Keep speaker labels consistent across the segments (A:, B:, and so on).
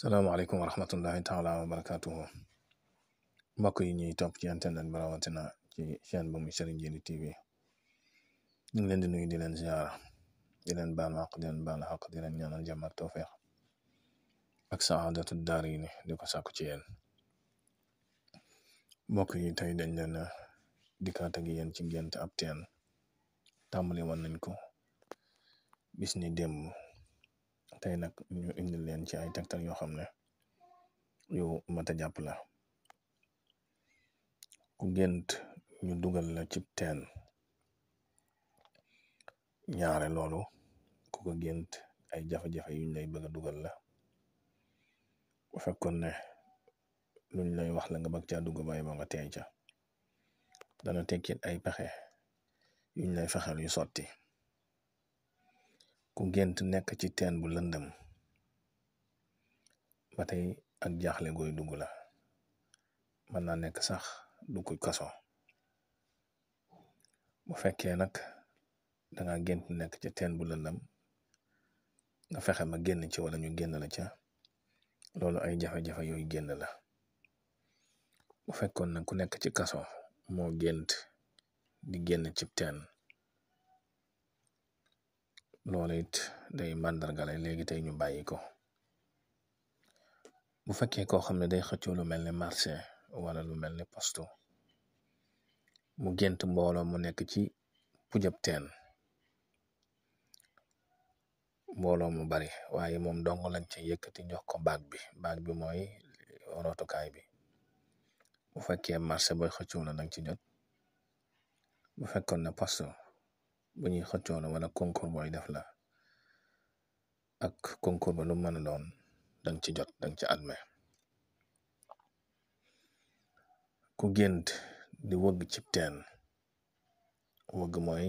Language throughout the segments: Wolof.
A: salaamaaleykum wa rahmatullahi taala wa barakatuhu mbokk yi ñuy topp ci internet bi rawatina ci chaîne bu muy Serigne Djily TV ñu ngi leen di nuyu di leen ziara di leen baal àq di leen baal àq di leen ñaanal jàmm ak tawfeex ak saadatu daar yi di ko sàkku ci yéen mbokk yi tey dañ leen dikkaat gi yéen ci gént ab teen tàmbali woon nañ ko bis ni tey nag ñu indi leen ci ay tegtal yoo xam ne yu mat jàpp la ku gënt ñu dugal la cib teen ñaare loolu ku ko gént ay jafe-jafe yuñ lay bëgg dugal la bu fekkoon ne luñ lay wax la nga bëgg caa dugg bàyyi ba nga teey ca dana tekki ay pexe yuñ lay fexeel yu sotti ku gént nekk ci teen bu lëndëm ba tey ak jaaxle gooy dugg la mën naa nekk sax duggu ku kaso bu fekkee nag danga gént nekk ci teen bu lëndëm nga fexe ma génn ci wala ñu génn la ca loolu ay jafe-jafe yooyu génn la bu fekkoon nag ku nekk ci kaso moo gént di génn ci teen loola it day màndargale léegi tey ñu bàyyi ko bu fekkee koo xam ne day xëccoo lu mel ni marché wala lu mel ni posto mu gént mbooloo mu nekk ci pujab teen mbooloo mu bari waaye moom dong lañ ca yëkkati jox ko baag bi baag bi mooy rootukaay bi bu fekkee marché booy xëccoo la danga ci jot bu fekkoon ne posto bu ñuy xëccoo la wala concours booy def la ak concours ba lu mën a doon dang ci jot dang ci adme ku gént di wëgg cib teen wëgg mooy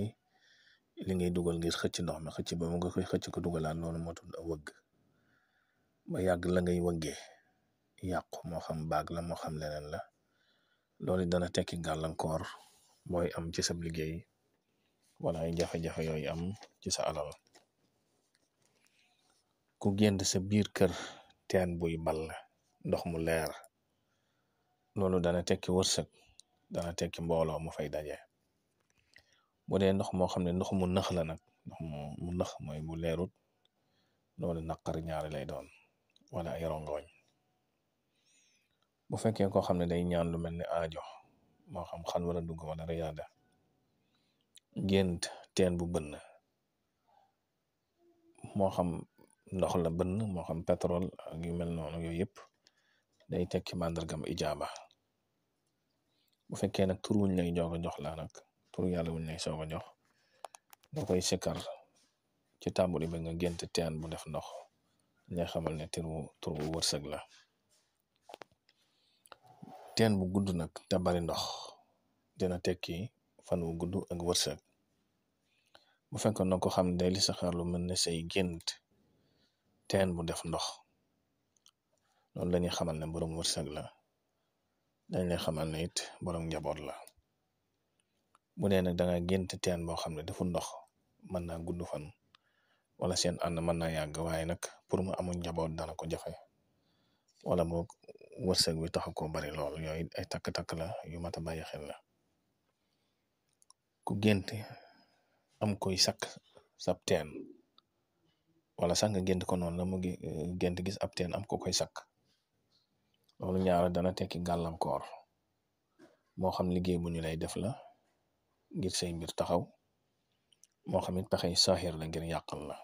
A: li ngay dugal ngir xëcc ndox mi xëcc ba mu nga koy xëcc ko dugalaat loolu moo wëgg ba yàgg la ngay wëgge yàqu moo xam baag la moo xam leneen la loolu dana tekki gàllankoor mooy am ci sab liggéey wala ay jafe-jafe yooyu am ci sa alal ku génn sa biir kër teen buy ball ndox mu leer loolu dana tekki wërsëg dana tekki mbooloo mu fay daje bu dee ndox moo xam ne ndox mu nax la nag ndox mu nax mooy mu leerut loolu naqar ñaar lay doon wala ay rongoñ bu fekkee koo xam ne day ñaan lu mel ne aajo moo xam xan wala dugg wala riyaada gént teen bu bënn moo xam ndox la bënn moo xam pétrole ak yu mel noonu yooyu yëpp day tekki màndargam ijaaba bu fekkee nag tur wuñ lay joog jox laa nag tur yàlla wuñ lay soog a jox nga koy sikkar ci tàmbali ba nga gént teen bu def ndox ñay xamal ne tur tur wërsëg la teen bu gudd nag te bari ndox dina tekki fan gudd ak wërsëg bu fekkoon na ko xam ne day listixaar lu mën ne say gént teen bu def ndox loolu lañuy xamal ne borom wërsëg la dañ lay xamal ne it borom njaboot la bu dee nag da gént teen boo xam ne defu ndox mën naa gudd fan wala seen ànd mën naa yàgg waaye nag pour mu amul njaboot dana ko jafe wala boog wërsëg bi taxu koo bari lool yooyu ay takk-takk la yu mat a bàyyi xel la ku gént am koy sakk sab wala sax nga gént ko noonu la mu gent gis ab teen am ko koy sakk loolu ñaara dana tekki gàllankoor moo xam liggéey bu ñu lay def la ngir sey mbir taxaw moo xam it pexey saaxir la ngir yàqal la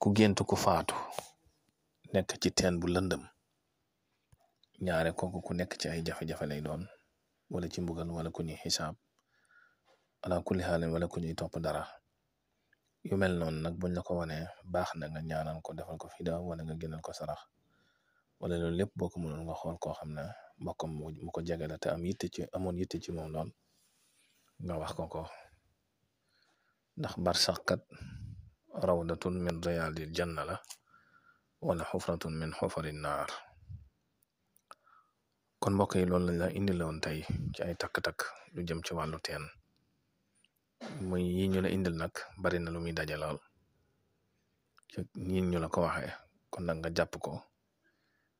A: ku gént ku faatu nekk ci teen bu lëndëm ñaare kooku ku nekk ci ay jafe-jafe lay doon wala ci mbugal wala ku xisaab ala kulli xaalin wala ku ñuy topp dara yu mel noonu nag buñ la ko wanee baax na nga ñaanal ko defal ko fida wala nga gënal ko sarax wala loolu lépp boo ko mënoon nga xool koo xam ne mbokkam mu ko jege la te am yitte ci amoon yitte ci moom lool nga wax ko ko ndax barsax kat rawdatun min riyaadil janna la wala xufratun min naar kon mbokk yi loolu lañ la indi loon tey ci ay takk-takk lu jëm ci wàllu teen muy yi la indil nag bari na lu muy daje lool ñu la ko waxee kon nag nga jàpp ko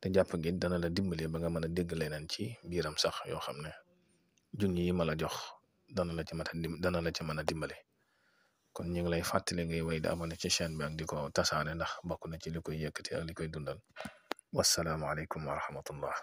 A: te jàpp gi dana la dimbali ba nga mën a dégg leneen ci biiram sax yoo xam ne jun yi ma la jox dana la ci mën a dim la ci mën a dimbali kon ñu ngi lay fàttali ngay way di abonné ci chaîne bi ak di ko tasaare ndax bokk na ci li koy yëkkati ak koy dundal wasalaamaaleykum wa rahmatullah